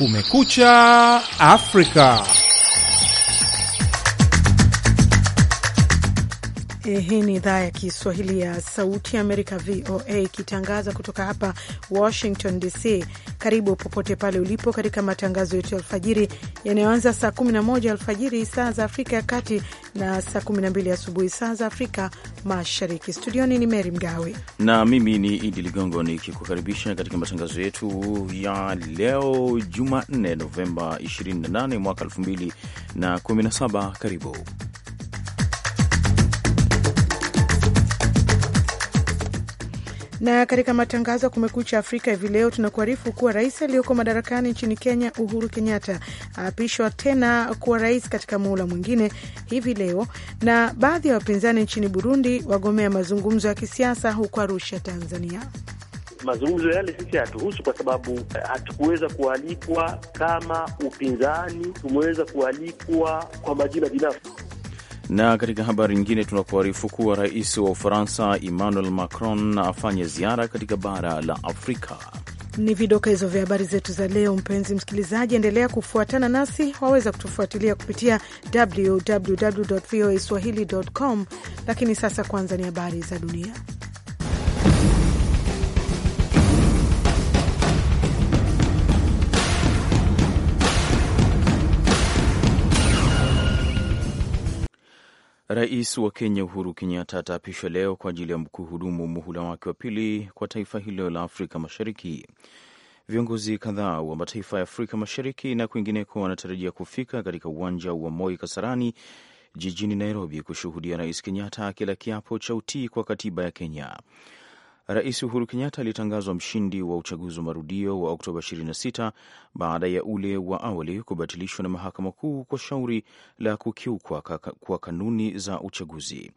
Kumekucha Afrika. E, hii ni idhaa ya Kiswahili ya Sauti Amerika, VOA, ikitangaza kutoka hapa Washington DC. Karibu popote pale ulipo katika matangazo yetu ya alfajiri yanayoanza saa 11 alfajiri saa za Afrika ya Kati na saa 12 asubuhi saa za Afrika Mashariki. Studioni ni Meri Mgawe na mimi ni Idi Ligongo nikikukaribisha katika matangazo yetu ya leo Jumanne, Novemba 28 mwaka 2017. Karibu Na katika matangazo ya Kumekucha Afrika hivi leo tunakuarifu kuwa rais aliyoko madarakani nchini Kenya Uhuru Kenyatta aapishwa tena kuwa rais katika muhula mwingine hivi leo, na baadhi ya wapinzani nchini Burundi wagomea mazungumzo ya kisiasa huko Arusha, Tanzania. Mazungumzo yale sisi hatuhusu kwa sababu eh, hatukuweza kualikwa kama upinzani, tumeweza kualikwa kwa majina binafsi. Na katika habari nyingine tunakuarifu kuwa rais wa Ufaransa Emmanuel Macron afanye ziara katika bara la Afrika. Ni vidokezo vya habari zetu za leo. Mpenzi msikilizaji, endelea kufuatana nasi, waweza kutufuatilia kupitia www voa swahili com, lakini sasa kwanza ni habari za dunia. Rais wa Kenya Uhuru Kenyatta ataapishwa leo kwa ajili ya kuhudumu muhula wake wa pili kwa taifa hilo la Afrika Mashariki. Viongozi kadhaa wa mataifa ya Afrika Mashariki na kwingineko wanatarajia kufika katika uwanja wa Moi Kasarani jijini Nairobi kushuhudia Rais Kenyatta akila kiapo cha utii kwa katiba ya Kenya. Rais Uhuru Kenyatta alitangazwa mshindi wa uchaguzi wa marudio wa Oktoba 26 baada ya ule wa awali kubatilishwa na mahakama kuu kwa shauri la kukiukwa kwa kanuni za uchaguzi.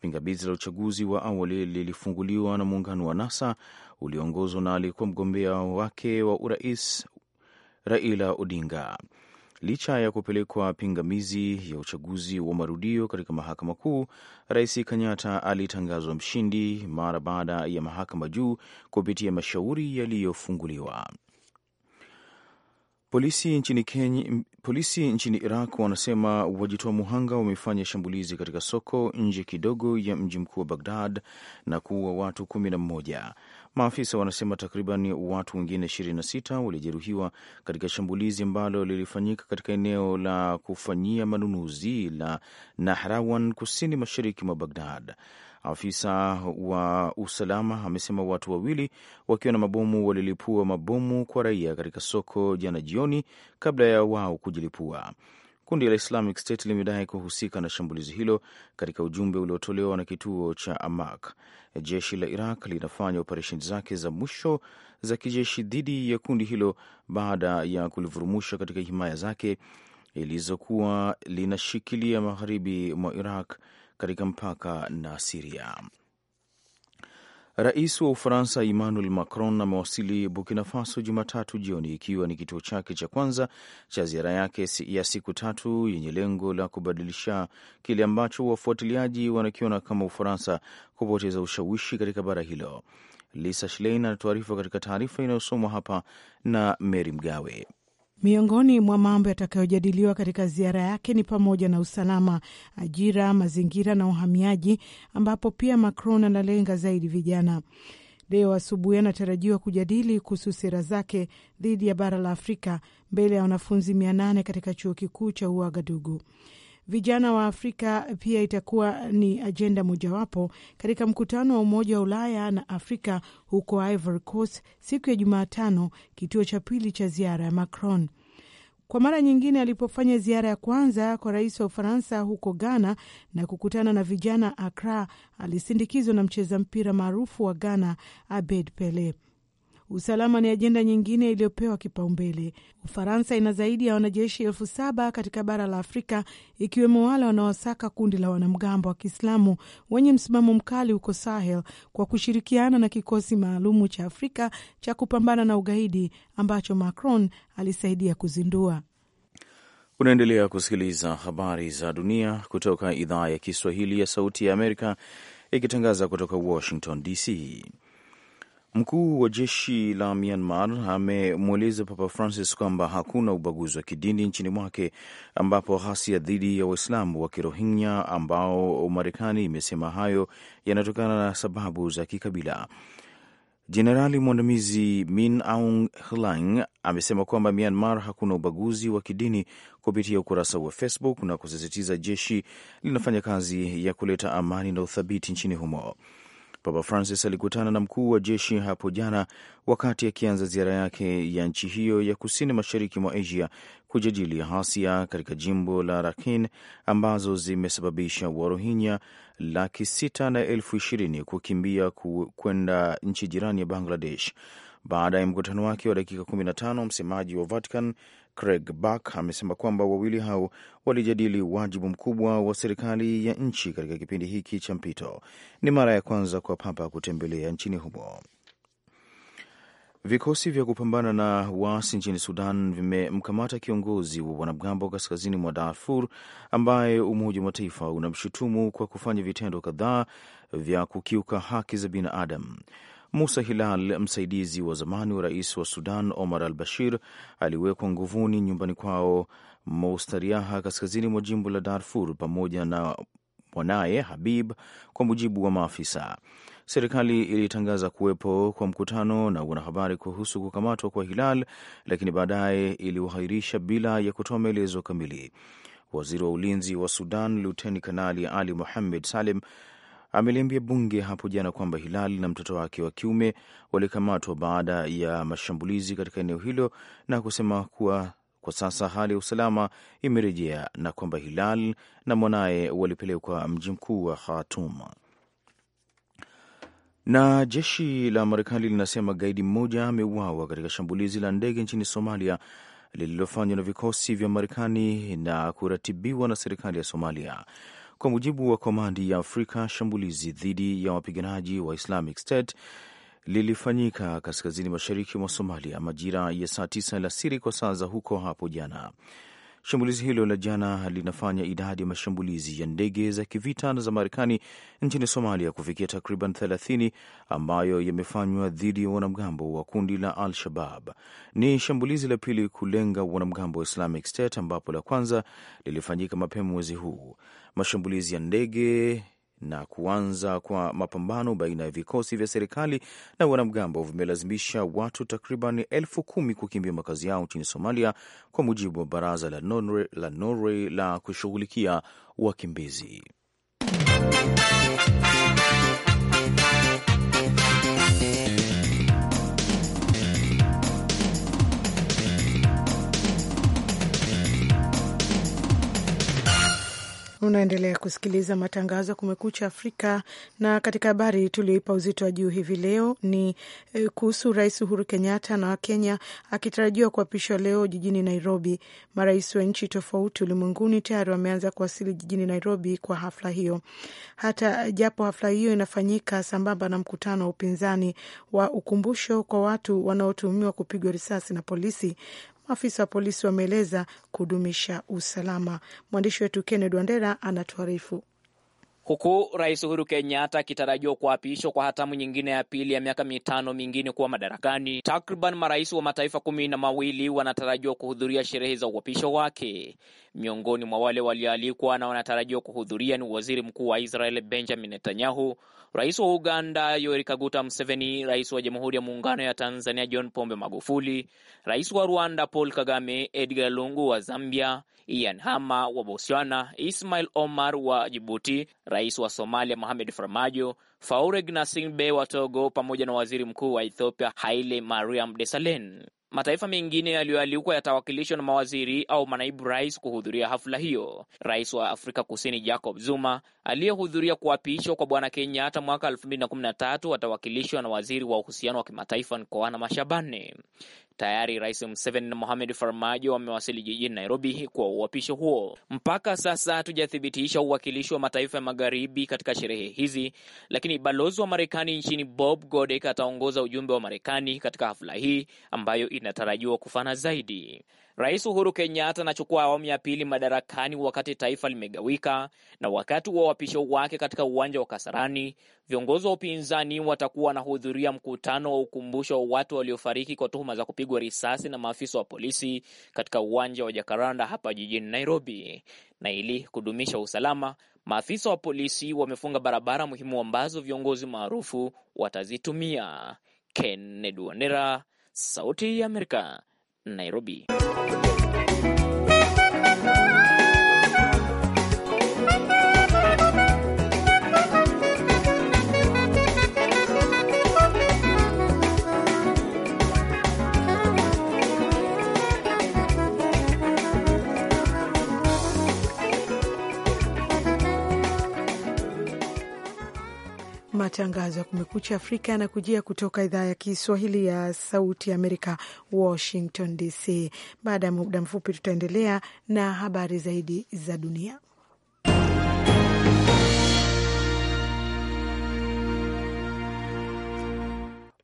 Pingamizi la uchaguzi wa awali lilifunguliwa na muungano wa NASA ulioongozwa na aliyekuwa mgombea wake wa urais Raila Odinga. Licha ya kupelekwa pingamizi ya uchaguzi wa marudio katika mahakama kuu, Rais Kenyatta alitangazwa mshindi mara baada ya mahakama juu kupitia mashauri yaliyofunguliwa. Polisi nchini, Kenya, polisi nchini Iraq wanasema wajitoa muhanga wamefanya shambulizi katika soko nje kidogo ya mji mkuu wa bagdad na kuua watu kumi na mmoja. Maafisa wanasema takriban watu wengine 26 walijeruhiwa katika shambulizi ambalo lilifanyika katika eneo la kufanyia manunuzi la Nahrawan, kusini mashariki mwa Bagdad. Afisa wa usalama amesema watu wawili wakiwa na mabomu walilipua mabomu kwa raia katika soko jana jioni kabla ya wao kujilipua. Kundi la Islamic State limedai kuhusika na shambulizi hilo katika ujumbe uliotolewa na kituo cha Amaq. Jeshi la Iraq linafanya operesheni zake za mwisho za kijeshi dhidi ya kundi hilo baada ya kulivurumusha katika himaya zake ilizokuwa linashikilia magharibi mwa Iraq katika mpaka na Siria. Rais wa Ufaransa Emmanuel Macron amewasili Burkina Faso Jumatatu jioni ikiwa ni kituo chake cha kwanza cha ziara yake ya siku tatu yenye lengo la kubadilisha kile ambacho wafuatiliaji wanakiona kama Ufaransa kupoteza ushawishi katika bara hilo. Lisa Schlein anatuarifu katika taarifa inayosomwa hapa na mery Mgawe. Miongoni mwa mambo yatakayojadiliwa katika ziara yake ni pamoja na usalama, ajira, mazingira na uhamiaji, ambapo pia Macron analenga zaidi vijana. Leo asubuhi anatarajiwa kujadili kuhusu sera zake dhidi ya bara la Afrika mbele ya wanafunzi mia nane katika chuo kikuu cha Uagadugu. Vijana wa Afrika pia itakuwa ni ajenda mojawapo katika mkutano wa Umoja wa Ulaya na Afrika huko Ivory Coast siku ya Jumatano, kituo cha pili cha ziara ya Macron. Kwa mara nyingine alipofanya ziara ya kwanza kwa rais wa Ufaransa huko Ghana na kukutana na vijana Akra, alisindikizwa na mcheza mpira maarufu wa Ghana Abed Pele. Usalama ni ajenda nyingine iliyopewa kipaumbele. Ufaransa ina zaidi ya wanajeshi elfu saba katika bara la Afrika, ikiwemo wale wanaosaka kundi la wanamgambo wa Kiislamu wenye msimamo mkali huko Sahel, kwa kushirikiana na kikosi maalumu cha Afrika cha kupambana na ugaidi ambacho Macron alisaidia kuzindua. Unaendelea kusikiliza habari za dunia kutoka idhaa ya Kiswahili ya Sauti ya Amerika, ikitangaza kutoka Washington DC. Mkuu wa jeshi la Myanmar amemweleza Papa Francis kwamba hakuna ubaguzi wa kidini nchini mwake, ambapo ghasia dhidi ya Waislamu wa Kirohingya ambao Marekani imesema hayo yanatokana na sababu za kikabila. Jenerali mwandamizi Min Aung Hlaing amesema kwamba Myanmar hakuna ubaguzi wa kidini kupitia ukurasa wa Facebook na kusisitiza jeshi linafanya kazi ya kuleta amani na uthabiti nchini humo. Papa Francis alikutana na mkuu wa jeshi hapo jana wakati akianza ya ziara yake ya nchi hiyo ya kusini mashariki mwa Asia kujadili ghasia katika jimbo la Rakhine ambazo zimesababisha Warohinya laki sita na elfu ishirini kukimbia kwenda nchi jirani ya Bangladesh. Baada ya mkutano wake wa dakika 15, msemaji wa Vatican Craig Buck amesema kwamba wawili hao walijadili wajibu mkubwa wa serikali ya nchi katika kipindi hiki cha mpito. Ni mara ya kwanza kwa Papa kutembelea nchini humo. Vikosi vya kupambana na waasi nchini Sudan vimemkamata kiongozi wa wanamgambo kaskazini mwa Darfur ambaye Umoja wa Mataifa unamshutumu kwa kufanya vitendo kadhaa vya kukiuka haki za binadamu. Musa Hilal, msaidizi wa zamani wa rais wa Sudan Omar al Bashir, aliwekwa nguvuni nyumbani kwao Moustariaha, kaskazini mwa jimbo la Darfur, pamoja na mwanaye Habib, kwa mujibu wa maafisa. Serikali ilitangaza kuwepo kwa mkutano na wanahabari kuhusu kukamatwa kwa Hilal, lakini baadaye iliuahirisha bila ya kutoa maelezo kamili. Waziri wa ulinzi wa Sudan, Luteni Kanali Ali muhammed Salim, ameliambia bunge hapo jana kwamba Hilali na mtoto wake wa kiume walikamatwa baada ya mashambulizi katika eneo hilo na kusema kuwa kwa sasa hali ya usalama imerejea na kwamba Hilal na mwanaye walipelekwa mji mkuu wa Khartoum. Na jeshi la Marekani linasema gaidi mmoja ameuawa katika shambulizi la ndege nchini Somalia lililofanywa na vikosi vya Marekani na kuratibiwa na serikali ya Somalia. Kwa mujibu wa komandi ya Afrika, shambulizi dhidi ya wapiganaji wa Islamic State lilifanyika kaskazini mashariki mwa Somalia majira ya saa tisa alasiri kwa saa za huko hapo jana. Shambulizi hilo la jana linafanya idadi ya mashambulizi ya ndege za kivita na za Marekani nchini Somalia kufikia takriban 30 ambayo yamefanywa dhidi ya wanamgambo wa kundi la Al-Shabab. Ni shambulizi la pili kulenga wanamgambo wa Islamic State ambapo la kwanza lilifanyika mapema mwezi huu. Mashambulizi ya ndege na kuanza kwa mapambano baina ya vikosi vya serikali na wanamgambo vimelazimisha watu takriban elfu kumi kukimbia makazi yao nchini Somalia, kwa mujibu wa baraza la Norway la, Norway la kushughulikia wakimbizi Unaendelea kusikiliza matangazo ya Kumekucha Afrika, na katika habari tulioipa uzito wa juu hivi leo ni eh, kuhusu Rais Uhuru Kenyatta na Wakenya akitarajiwa kuapishwa leo jijini Nairobi. Marais wa nchi tofauti ulimwenguni tayari wameanza kuwasili jijini Nairobi kwa hafla hiyo, hata japo hafla hiyo inafanyika sambamba na mkutano wa upinzani wa ukumbusho kwa watu wanaotuhumiwa kupigwa risasi na polisi maafisa wa polisi wameeleza kudumisha usalama. Mwandishi wetu Kennedy Wandera anatuarifu huku Rais Uhuru Kenyatta akitarajiwa kuapishwa kwa hatamu nyingine ya pili ya miaka mitano mingine kuwa madarakani. Takriban marais wa mataifa kumi na mawili wanatarajiwa kuhudhuria sherehe za uapisho wake. Miongoni mwa wale walioalikwa na wanatarajiwa kuhudhuria ni waziri mkuu wa Israel Benjamin Netanyahu, rais wa Uganda Yoweri Kaguta Museveni, rais wa Jamhuri ya Muungano ya Tanzania John Pombe Magufuli, rais wa Rwanda Paul Kagame, Edgar Lungu wa Zambia, Ian Hama wa Botswana, Ismail Omar wa Jibuti, Rais wa Somalia Mohamed Farmajo, Faure Gnassingbe wa Togo pamoja na Waziri Mkuu wa Ethiopia Haile Mariam Desalegn. Mataifa mengine yaliyoalikwa yatawakilishwa na mawaziri au manaibu rais kuhudhuria hafla hiyo. Rais wa Afrika Kusini Jacob Zuma aliyehudhuria kuapishwa kwa Bwana Kenyatta mwaka 2013 atawakilishwa na waziri wa uhusiano wa kimataifa Nkoana Mashabane. Tayari Rais Museveni na Mohamed Farmajo wamewasili jijini Nairobi kwa uapisho huo. Mpaka sasa hatujathibitisha uwakilishi wa mataifa ya magharibi katika sherehe hizi, lakini balozi wa Marekani nchini Bob Godek ataongoza ujumbe wa Marekani katika hafla hii ambayo linatarajiwa kufana zaidi. Rais Uhuru Kenyatta anachukua awamu ya pili madarakani wakati taifa limegawika, na wakati wa wapisho wake katika uwanja wa Kasarani, viongozi wa upinzani watakuwa wanahudhuria mkutano wa ukumbusho wa watu waliofariki kwa tuhuma za kupigwa risasi na maafisa wa polisi katika uwanja wa Jakaranda hapa jijini Nairobi. Na ili kudumisha usalama, maafisa wa polisi wamefunga barabara muhimu ambazo viongozi maarufu watazitumia. Kennedy Wandera, Sauti ya Amerika, Nairobi. Matangazo ya Kumekucha Afrika yanakujia kutoka idhaa ya Kiswahili ya Sauti ya Amerika, Washington DC. Baada ya muda mfupi, tutaendelea na habari zaidi za dunia.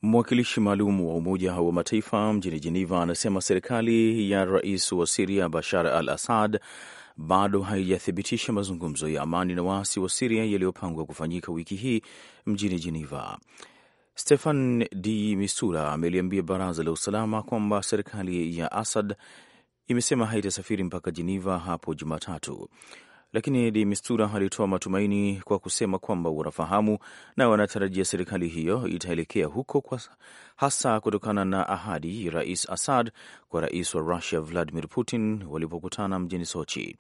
Mwakilishi maalum wa Umoja wa Mataifa mjini Jeneva anasema serikali ya rais wa Siria Bashar al Assad bado haijathibitisha mazungumzo ya amani na waasi wa Siria yaliyopangwa kufanyika wiki hii mjini Jeneva. Stefan de Mistura ameliambia baraza la usalama kwamba serikali ya Assad imesema haitasafiri mpaka Jeneva hapo Jumatatu lakini Di Mistura alitoa matumaini kwa kusema kwamba wanafahamu na wanatarajia serikali hiyo itaelekea huko kwa hasa kutokana na ahadi Rais Assad kwa rais wa Russia Vladimir Putin walipokutana mjini Sochi.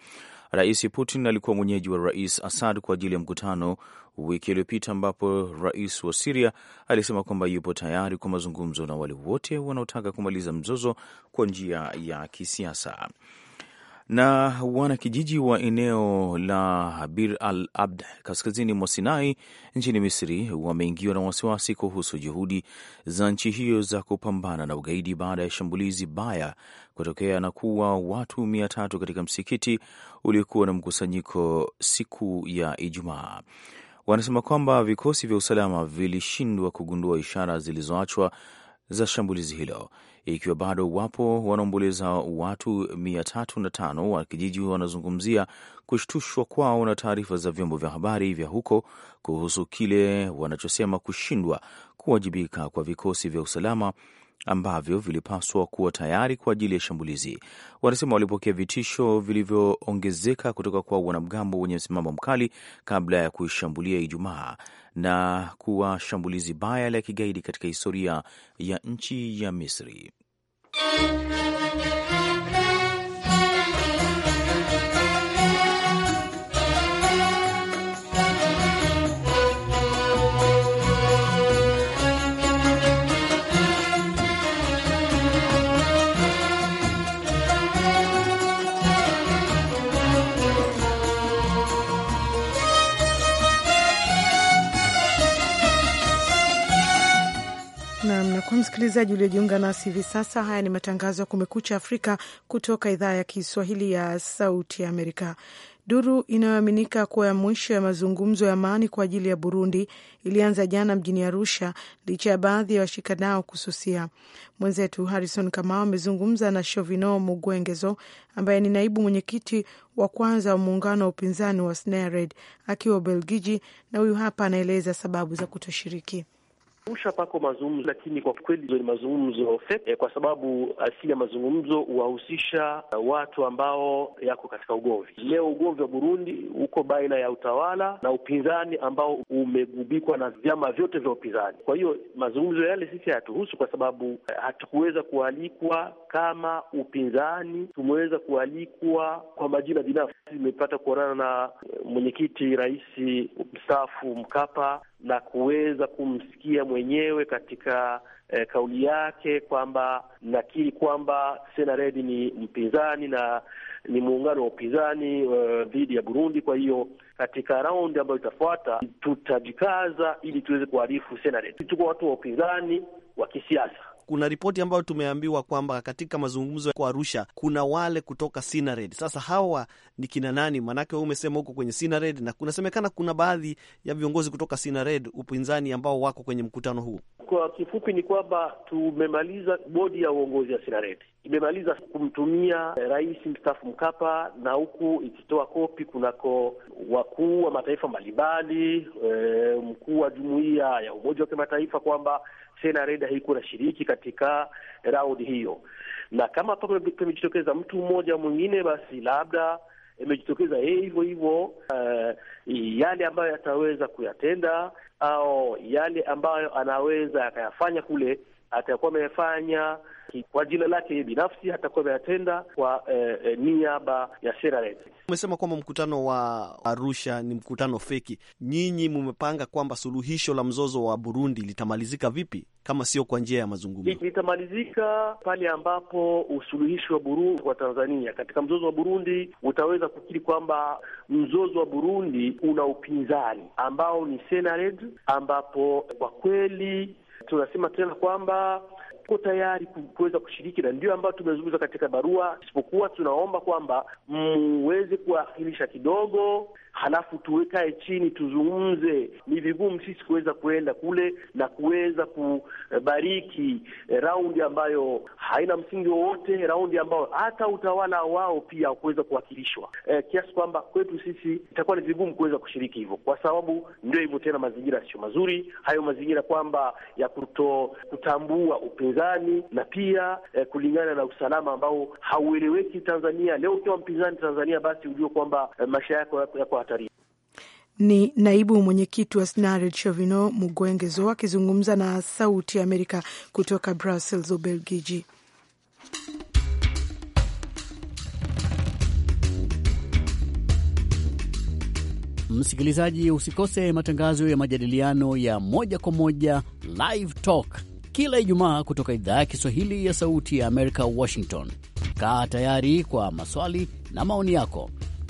Rais Putin alikuwa mwenyeji wa Rais Assad kwa ajili ya mkutano wiki iliyopita, ambapo rais wa Siria alisema kwamba yupo tayari kwa mazungumzo na wale wote wanaotaka kumaliza mzozo kwa njia ya kisiasa na wanakijiji wa eneo la Bir al Abd kaskazini mwa Sinai nchini Misri wameingiwa na wasiwasi kuhusu juhudi za nchi hiyo za kupambana na ugaidi baada ya shambulizi baya kutokea na kuwa watu mia tatu katika msikiti uliokuwa na mkusanyiko siku ya Ijumaa. Wanasema kwamba vikosi vya usalama vilishindwa kugundua ishara zilizoachwa za shambulizi hilo, ikiwa bado wapo wanaomboleza. Watu 305 wa kijiji wanazungumzia kushtushwa kwao na taarifa za vyombo vya habari vya huko kuhusu kile wanachosema kushindwa kuwajibika kwa vikosi vya usalama ambavyo vilipaswa kuwa tayari kwa ajili ya shambulizi. Wanasema walipokea vitisho vilivyoongezeka kutoka kwa wanamgambo wenye msimamo mkali kabla ya kuishambulia Ijumaa na kuwa shambulizi baya la kigaidi katika historia ya nchi ya Misri. msikilizaji uliojiunga nasi hivi sasa. Haya ni matangazo ya Kumekucha Afrika kutoka idhaa ya Kiswahili ya Sauti ya Amerika. Duru inayoaminika kuwa ya mwisho ya mazungumzo ya amani kwa ajili ya Burundi ilianza jana mjini Arusha licha ya baadhi ya washikanao kususia. Mwenzetu Harrison Kamau amezungumza na Shovino Mugwengezo ambaye ni naibu mwenyekiti wa kwanza wa muungano wa upinzani wa Snared akiwa Ubelgiji, na huyu hapa anaeleza sababu za kutoshiriki usha pako mazungumzo, lakini kwa kweli ni mazungumzo feki, eh, kwa sababu asili ya mazungumzo huwahusisha eh, watu ambao yako katika ugomvi. Leo ugomvi wa Burundi uko baina ya utawala na upinzani ambao umegubikwa na vyama vyote vya upinzani. Kwa hiyo mazungumzo yale sisi hayatuhusu, kwa sababu eh, hatukuweza kualikwa kama upinzani, tumeweza kualikwa kwa majina binafsi. Nimepata kuonana na mwenyekiti rais mstaafu Mkapa na kuweza kumsikia mwenyewe katika eh, kauli yake kwamba nakiri kwamba Senaredi ni mpinzani na ni muungano wa upinzani eh, dhidi uh, ya Burundi. Kwa hiyo katika raundi ambayo itafuata tutajikaza ili tuweze kuharifu Senaredi. Tuko watu wa upinzani wa kisiasa kuna ripoti ambayo tumeambiwa kwamba katika mazungumzo kwa Arusha kuna wale kutoka Sinared. Sasa hawa ni kina nani? Maanake wewe umesema huko kwenye Sinared na kunasemekana kuna baadhi ya viongozi kutoka Sinared upinzani ambao wako kwenye mkutano huu. Kwa kifupi ni kwamba tumemaliza bodi ya uongozi ya Sinared imemaliza kumtumia eh, rais mstaafu Mkapa na huku ikitoa kopi kunako wakuu wa mataifa mbalimbali, e, mkuu wa jumuiya ya Umoja wa Kimataifa kwamba Reda haikuwa na shiriki katika raundi hiyo, na kama pamejitokeza mtu mmoja mwingine, basi labda imejitokeza yeye hivyo hivyo. Uh, yale ambayo yataweza kuyatenda au yale ambayo anaweza akayafanya kule atakuwa amefanya kwa jina lake binafsi, atakuwa ameyatenda kwa eh, eh, niaba ya sera yetu. Umesema kwamba mkutano wa Arusha ni mkutano feki. Nyinyi mmepanga kwamba suluhisho la mzozo wa Burundi litamalizika vipi kama sio kwa njia ya mazungumzo? Litamalizika pale ambapo usuluhishi wa Burundi kwa Tanzania katika mzozo wa Burundi utaweza kukiri kwamba mzozo wa Burundi una upinzani ambao ni SENARED, ambapo kwa kweli tunasema tena kwamba tuko tayari kuweza kushiriki, na ndio ambayo tumezungumza katika barua, isipokuwa tunaomba kwamba muweze kuahirisha kidogo halafu tuwekae chini tuzungumze. Ni vigumu sisi kuweza kuenda kule na kuweza kubariki eh, raundi ambayo haina msingi wowote, raundi ambayo hata utawala wao pia kuweza kuwakilishwa e, kiasi kwamba kwetu sisi itakuwa ni vigumu kuweza kushiriki hivyo, kwa sababu ndio hivyo tena, mazingira sio mazuri hayo mazingira kwamba ya kuto kutambua upinzani na pia e, kulingana na usalama ambao haueleweki Tanzania. Leo ukiwa mpinzani Tanzania, basi ujue kwamba e, maisha yako yako ni naibu mwenyekiti wa SNARED Chovino Mugwengezo akizungumza na Sauti ya Amerika kutoka Brussels, Ubelgiji. Msikilizaji, usikose matangazo ya majadiliano ya moja kwa moja Live Talk kila Ijumaa kutoka idhaa ya Kiswahili ya Sauti ya Amerika, Washington. Kaa tayari kwa maswali na maoni yako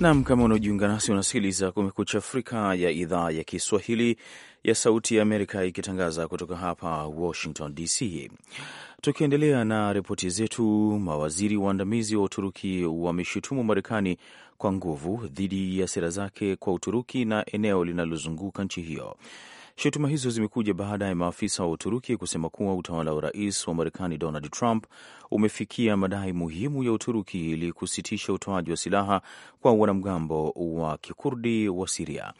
Nam, kama unaojiunga nasi unasikiliza Kumekucha Afrika ya idhaa ya Kiswahili ya Sauti ya Amerika ikitangaza kutoka hapa Washington DC. Tukiendelea na ripoti zetu, mawaziri waandamizi wa Uturuki wameshutumu Marekani kwa nguvu dhidi ya sera zake kwa Uturuki na eneo linalozunguka nchi hiyo. Shutuma hizo zimekuja baada ya maafisa wa Uturuki kusema kuwa utawala wa rais wa Marekani Donald Trump umefikia madai muhimu ya Uturuki ili kusitisha utoaji wa silaha kwa wanamgambo wa kikurdi wa Siria.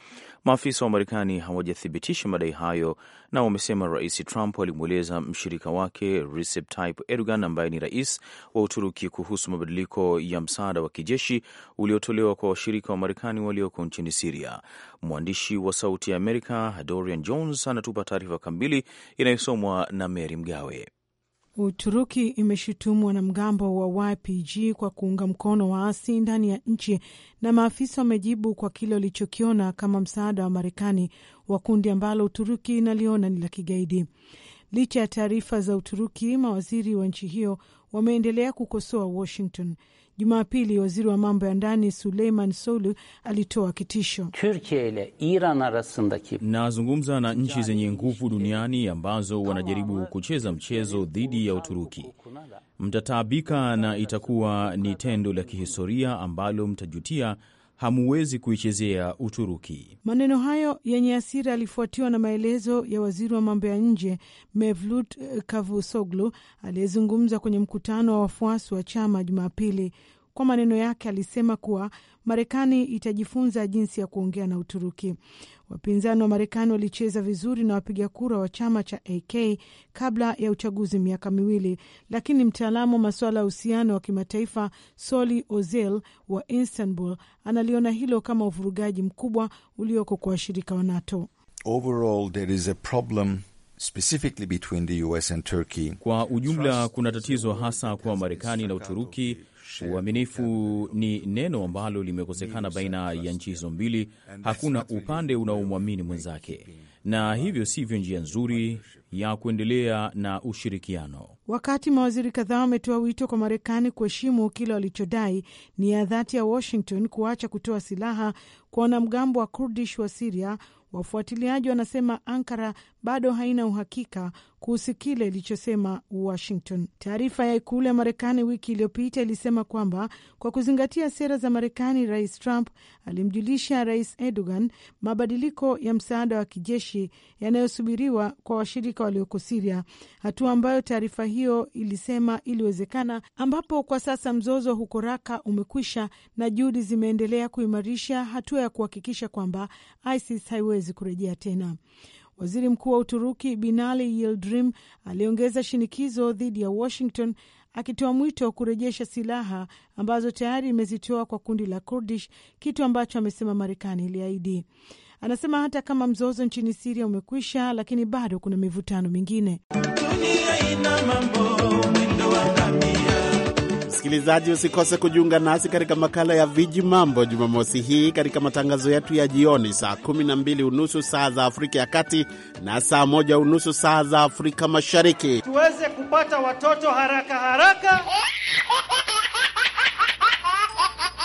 Maafisa wa Marekani hawajathibitisha madai hayo na wamesema Rais Trump alimweleza mshirika wake Recep Tayyip Erdogan ambaye ni rais wa Uturuki kuhusu mabadiliko ya msaada wa kijeshi uliotolewa kwa washirika wa Marekani walioko nchini Siria. Mwandishi wa Sauti ya Amerika Dorian Jones anatupa taarifa kamili inayosomwa na Mary Mgawe. Uturuki imeshutumu wanamgambo wa YPG kwa kuunga mkono waasi ndani ya nchi na maafisa wamejibu kwa kile walichokiona kama msaada wa Marekani wa kundi ambalo Uturuki inaliona ni la kigaidi. Licha ya taarifa za Uturuki, mawaziri wa nchi hiyo wameendelea kukosoa Washington Jumapili waziri wa mambo ya ndani Suleiman Solu alitoa kitisho. Nazungumza na nchi zenye nguvu duniani ambazo wanajaribu kucheza mchezo dhidi ya Uturuki. Mtataabika na itakuwa ni tendo la kihistoria ambalo mtajutia hamuwezi kuichezea Uturuki. Maneno hayo yenye hasira yalifuatiwa na maelezo ya waziri wa mambo ya nje Mevlut Cavusoglu aliyezungumza kwenye mkutano wa wafuasi wa chama Jumapili. Kwa maneno yake alisema kuwa Marekani itajifunza jinsi ya kuongea na Uturuki. Wapinzani wa Marekani walicheza vizuri na wapiga kura wa chama cha AK kabla ya uchaguzi miaka miwili, lakini mtaalamu wa masuala ya uhusiano wa kimataifa Soli Ozel wa Istanbul analiona hilo kama uvurugaji mkubwa ulioko kwa washirika wa NATO. Overall, there is a problem specifically between the US and Turkey. Kwa ujumla kuna tatizo hasa kwa Marekani na Uturuki Uaminifu ni neno ambalo limekosekana baina ya nchi hizo mbili. Hakuna upande unaomwamini mwenzake, na hivyo sivyo njia nzuri ya kuendelea na ushirikiano. Wakati mawaziri kadhaa wametoa wito kwa Marekani kuheshimu kile walichodai ni ya dhati ya Washington kuacha kutoa silaha kwa wanamgambo wa Kurdish wa Siria, wafuatiliaji wanasema Ankara bado haina uhakika kuhusu kile ilichosema Washington. Taarifa ya ikulu ya Marekani wiki iliyopita ilisema kwamba kwa kuzingatia sera za Marekani, Rais Trump alimjulisha Rais Erdogan mabadiliko ya msaada wa kijeshi yanayosubiriwa kwa washirika Afrika walioko Siria, hatua ambayo taarifa hiyo ilisema iliwezekana, ambapo kwa sasa mzozo huko Raka umekwisha na juhudi zimeendelea kuimarisha hatua ya kuhakikisha kwamba ISIS haiwezi kurejea tena. Waziri Mkuu wa Uturuki Binali Yildirim aliongeza shinikizo dhidi ya Washington akitoa mwito wa kurejesha silaha ambazo tayari imezitoa kwa kundi la Kurdish, kitu ambacho amesema Marekani iliahidi. Anasema hata kama mzozo nchini Siria umekwisha, lakini bado kuna mivutano mingine. Msikilizaji, usikose kujiunga nasi katika makala ya Viji Mambo Jumamosi hii katika matangazo yetu ya jioni saa kumi na mbili unusu saa za Afrika ya Kati na saa moja unusu saa za Afrika Mashariki, tuweze kupata watoto haraka haraka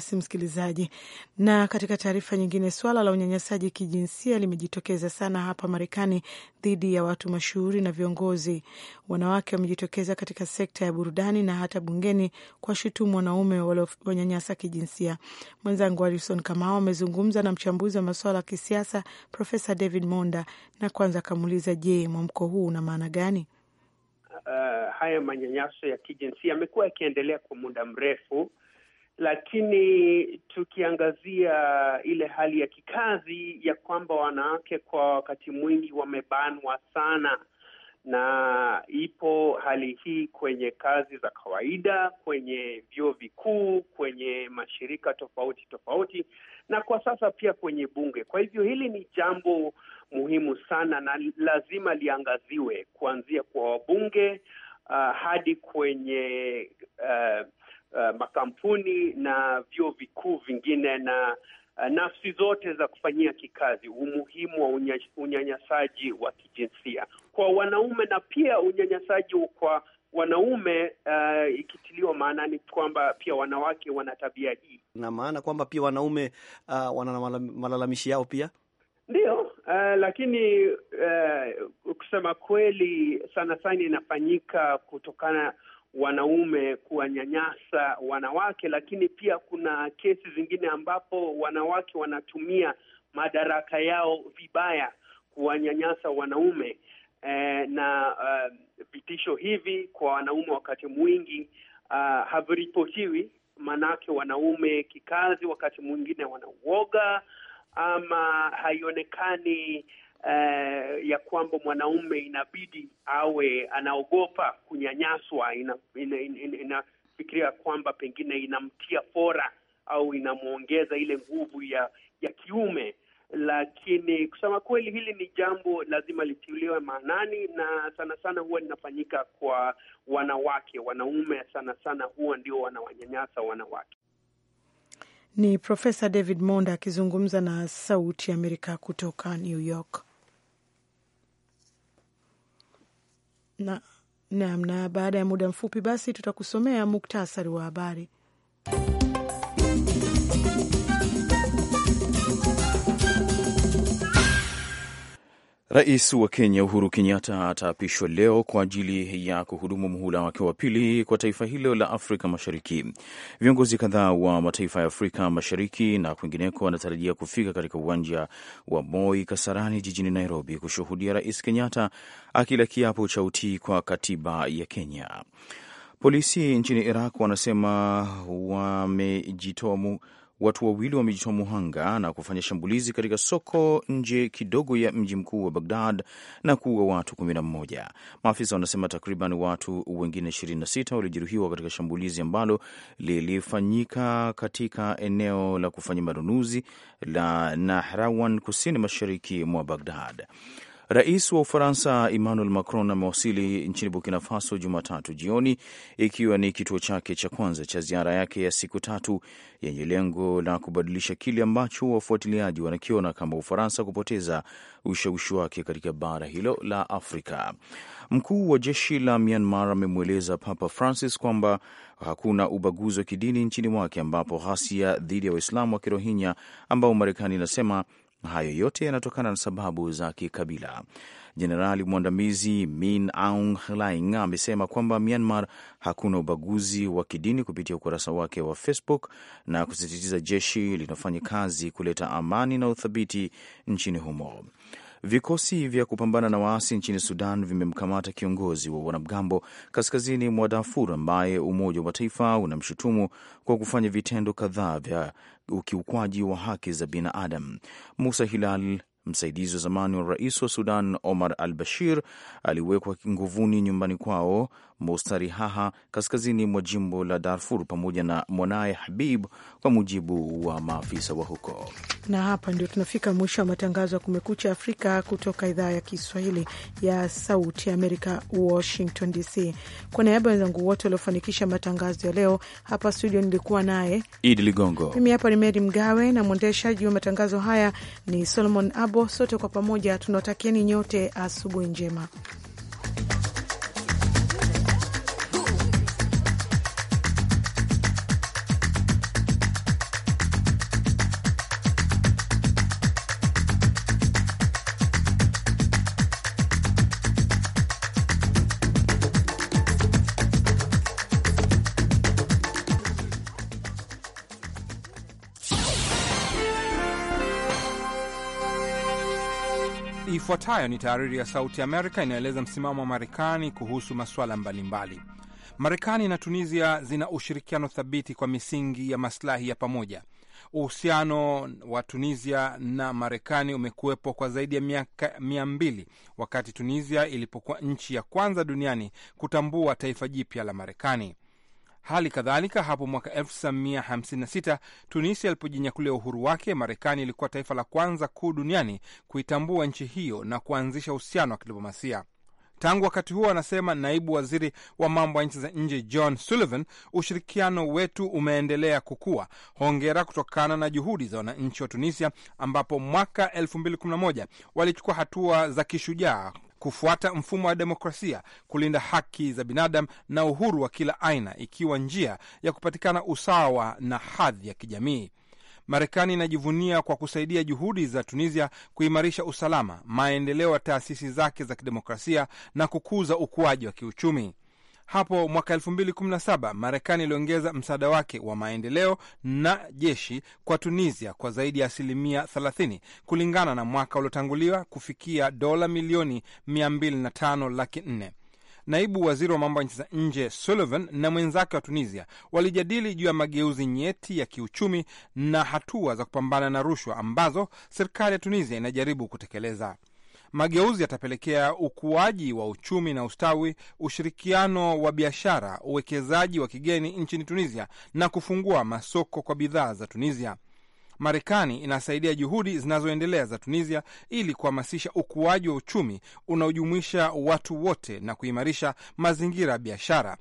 basi msikilizaji. Na katika taarifa nyingine, swala la unyanyasaji kijinsia limejitokeza sana hapa Marekani dhidi ya watu mashuhuri na viongozi. Wanawake wamejitokeza katika sekta ya burudani na hata bungeni kwa shutumu wanaume walionyanyasa kijinsia. Mwenzangu Harison kama amezungumza na mchambuzi wa masuala ya kisiasa Profesa David Monda na kwanza akamuuliza, je, mwamko huu una maana gani? Uh, haya manyanyaso ya kijinsia yamekuwa yakiendelea kwa muda mrefu lakini tukiangazia ile hali ya kikazi ya kwamba wanawake kwa wakati mwingi wamebanwa sana, na ipo hali hii kwenye kazi za kawaida, kwenye vyuo vikuu, kwenye mashirika tofauti tofauti, na kwa sasa pia kwenye bunge. Kwa hivyo hili ni jambo muhimu sana na lazima liangaziwe kuanzia kwa wabunge uh, hadi kwenye uh, uh, makampuni na vyuo vikuu vingine na uh, nafsi zote za kufanyia kikazi umuhimu wa unya, unyanyasaji wa kijinsia kwa wanaume na pia unyanyasaji kwa wanaume uh, ikitiliwa maanani kwamba pia wanawake wana tabia hii, na maana kwamba pia wanaume uh, wana malalamishi yao pia ndio Uh, lakini uh, kusema kweli, sana sana inafanyika kutokana wanaume kuwanyanyasa wanawake, lakini pia kuna kesi zingine ambapo wanawake wanatumia madaraka yao vibaya kuwanyanyasa wanaume eh, na eh, vitisho uh, hivi kwa wanaume wakati mwingi uh, haviripotiwi, maanake wanaume kikazi wakati mwingine wanauoga ama haionekani uh, ya kwamba mwanaume inabidi awe anaogopa kunyanyaswa, inafikiria ina, ina kwamba pengine inamtia fora au inamwongeza ile nguvu ya ya kiume. Lakini kusema kweli, hili ni jambo lazima litiliwe maanani, na sana sana huwa linafanyika kwa wanawake. Wanaume sana sana huwa ndio wanawanyanyasa wanawake. Ni Profesa David Monda akizungumza na Sauti ya Amerika kutoka New York. na, na, na baada ya muda mfupi basi tutakusomea muktasari wa habari. Rais wa Kenya Uhuru Kenyatta ataapishwa leo kwa ajili ya kuhudumu muhula wake wa pili kwa taifa hilo la Afrika Mashariki. Viongozi kadhaa wa mataifa ya Afrika Mashariki na kwingineko wanatarajia kufika katika uwanja wa Moi Kasarani jijini Nairobi kushuhudia Rais Kenyatta akila kiapo cha utii kwa katiba ya Kenya. Polisi nchini Iraq wanasema wamejitoa watu wawili wamejitoa muhanga na kufanya shambulizi katika soko nje kidogo ya mji mkuu wa Bagdad na kuua watu 11. Maafisa wanasema takriban watu wengine 26 walijeruhiwa katika shambulizi ambalo lilifanyika katika eneo la kufanya manunuzi la Nahrawan kusini mashariki mwa Bagdad. Rais wa Ufaransa Emmanuel Macron amewasili nchini Burkina Faso Jumatatu jioni, ikiwa ni kituo chake cha kwanza cha ziara yake ya siku tatu yenye lengo la kubadilisha kile ambacho wafuatiliaji wanakiona kama Ufaransa kupoteza ushawishi wake katika bara hilo la Afrika. Mkuu wa jeshi la Myanmar amemweleza Papa Francis kwamba hakuna ubaguzi wa kidini nchini mwake, ambapo ghasia dhidi ya Waislamu wa Kirohinya ambao Marekani inasema na hayo yote yanatokana na sababu za kikabila. Jenerali mwandamizi Min Aung Hlaing amesema kwamba Myanmar hakuna ubaguzi wa kidini kupitia ukurasa wake wa Facebook na kusisitiza jeshi linafanya kazi kuleta amani na uthabiti nchini humo. Vikosi vya kupambana na waasi nchini Sudan vimemkamata kiongozi wa wanamgambo kaskazini mwa Darfur ambaye Umoja wa Mataifa unamshutumu kwa kufanya vitendo kadhaa vya ukiukwaji wa haki za binadamu. Musa Hilal, msaidizi wa zamani wa rais wa Sudan Omar al Bashir, aliwekwa nguvuni nyumbani kwao Mustarihaha kaskazini mwa jimbo la Darfur pamoja na mwanaye Habib, kwa mujibu wa maafisa wa huko. Na hapa ndio tunafika mwisho wa matangazo ya Kumekucha Afrika kutoka idhaa ya Kiswahili ya Sauti ya Amerika, Washington DC. Kwa niaba ya wenzangu wote waliofanikisha matangazo ya leo hapa studio, nilikuwa naye Idi Ligongo, mimi hapa ni Meri Mgawe na mwendeshaji wa matangazo haya ni Solomon Abo. Sote kwa pamoja tunawatakieni nyote asubuhi njema. Ifuatayo ni taariri ya Sauti Amerika inaeleza msimamo wa Marekani kuhusu masuala mbalimbali. Marekani na Tunisia zina ushirikiano thabiti kwa misingi ya masilahi ya pamoja. Uhusiano wa Tunisia na Marekani umekuwepo kwa zaidi ya miaka mia mbili wakati Tunisia ilipokuwa nchi ya kwanza duniani kutambua taifa jipya la Marekani. Hali kadhalika hapo mwaka 1956 Tunisia ilipojinyakulia uhuru wake, Marekani ilikuwa taifa la kwanza kuu duniani kuitambua nchi hiyo na kuanzisha uhusiano wa kidiplomasia. Tangu wakati huo, anasema naibu waziri wa mambo ya nchi za nje John Sullivan, ushirikiano wetu umeendelea kukua. Hongera kutokana na juhudi za wananchi wa Tunisia, ambapo mwaka 2011 walichukua hatua za kishujaa kufuata mfumo wa demokrasia, kulinda haki za binadamu na uhuru wa kila aina, ikiwa njia ya kupatikana usawa na hadhi ya kijamii. Marekani inajivunia kwa kusaidia juhudi za Tunisia kuimarisha usalama, maendeleo ya taasisi zake za kidemokrasia na kukuza ukuaji wa kiuchumi. Hapo mwaka 2017 Marekani iliongeza msaada wake wa maendeleo na jeshi kwa Tunisia kwa zaidi ya asilimia 30 kulingana na mwaka uliotanguliwa kufikia dola milioni 205 laki 4. Naibu waziri wa mambo ya nchi za nje Sullivan na mwenzake wa Tunisia walijadili juu ya mageuzi nyeti ya kiuchumi na hatua za kupambana na rushwa ambazo serikali ya Tunisia inajaribu kutekeleza. Mageuzi yatapelekea ukuaji wa uchumi na ustawi, ushirikiano wa biashara, uwekezaji wa kigeni nchini Tunisia na kufungua masoko kwa bidhaa za Tunisia. Marekani inasaidia juhudi zinazoendelea za Tunisia ili kuhamasisha ukuaji wa uchumi unaojumuisha watu wote na kuimarisha mazingira ya biashara.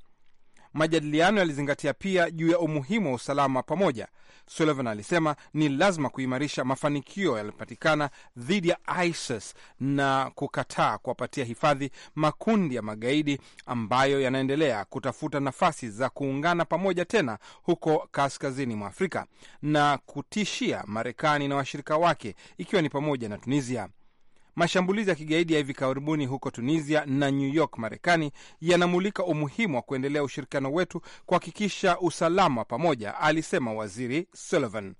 Majadiliano yalizingatia pia juu ya umuhimu wa usalama pamoja. Sullivan alisema ni lazima kuimarisha mafanikio yaliyopatikana dhidi ya ISIS na kukataa kuwapatia hifadhi makundi ya magaidi ambayo yanaendelea kutafuta nafasi za kuungana pamoja tena huko kaskazini mwa Afrika na kutishia Marekani na washirika wake ikiwa ni pamoja na Tunisia. Mashambulizi ya kigaidi ya hivi karibuni huko Tunisia na New York, Marekani, yanamulika umuhimu wa kuendelea ushirikiano wetu kuhakikisha usalama pamoja, alisema Waziri Sullivan.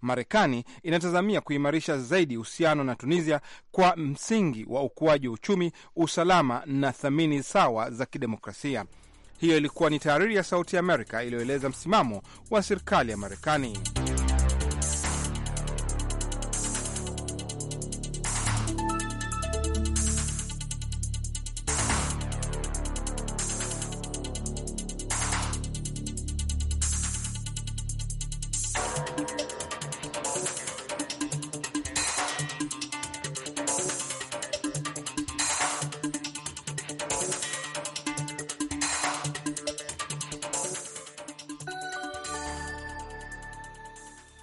Marekani inatazamia kuimarisha zaidi uhusiano na Tunisia kwa msingi wa ukuaji wa uchumi, usalama na thamani sawa za kidemokrasia. Hiyo ilikuwa ni tahariri ya Sauti ya Amerika iliyoeleza msimamo wa serikali ya Marekani.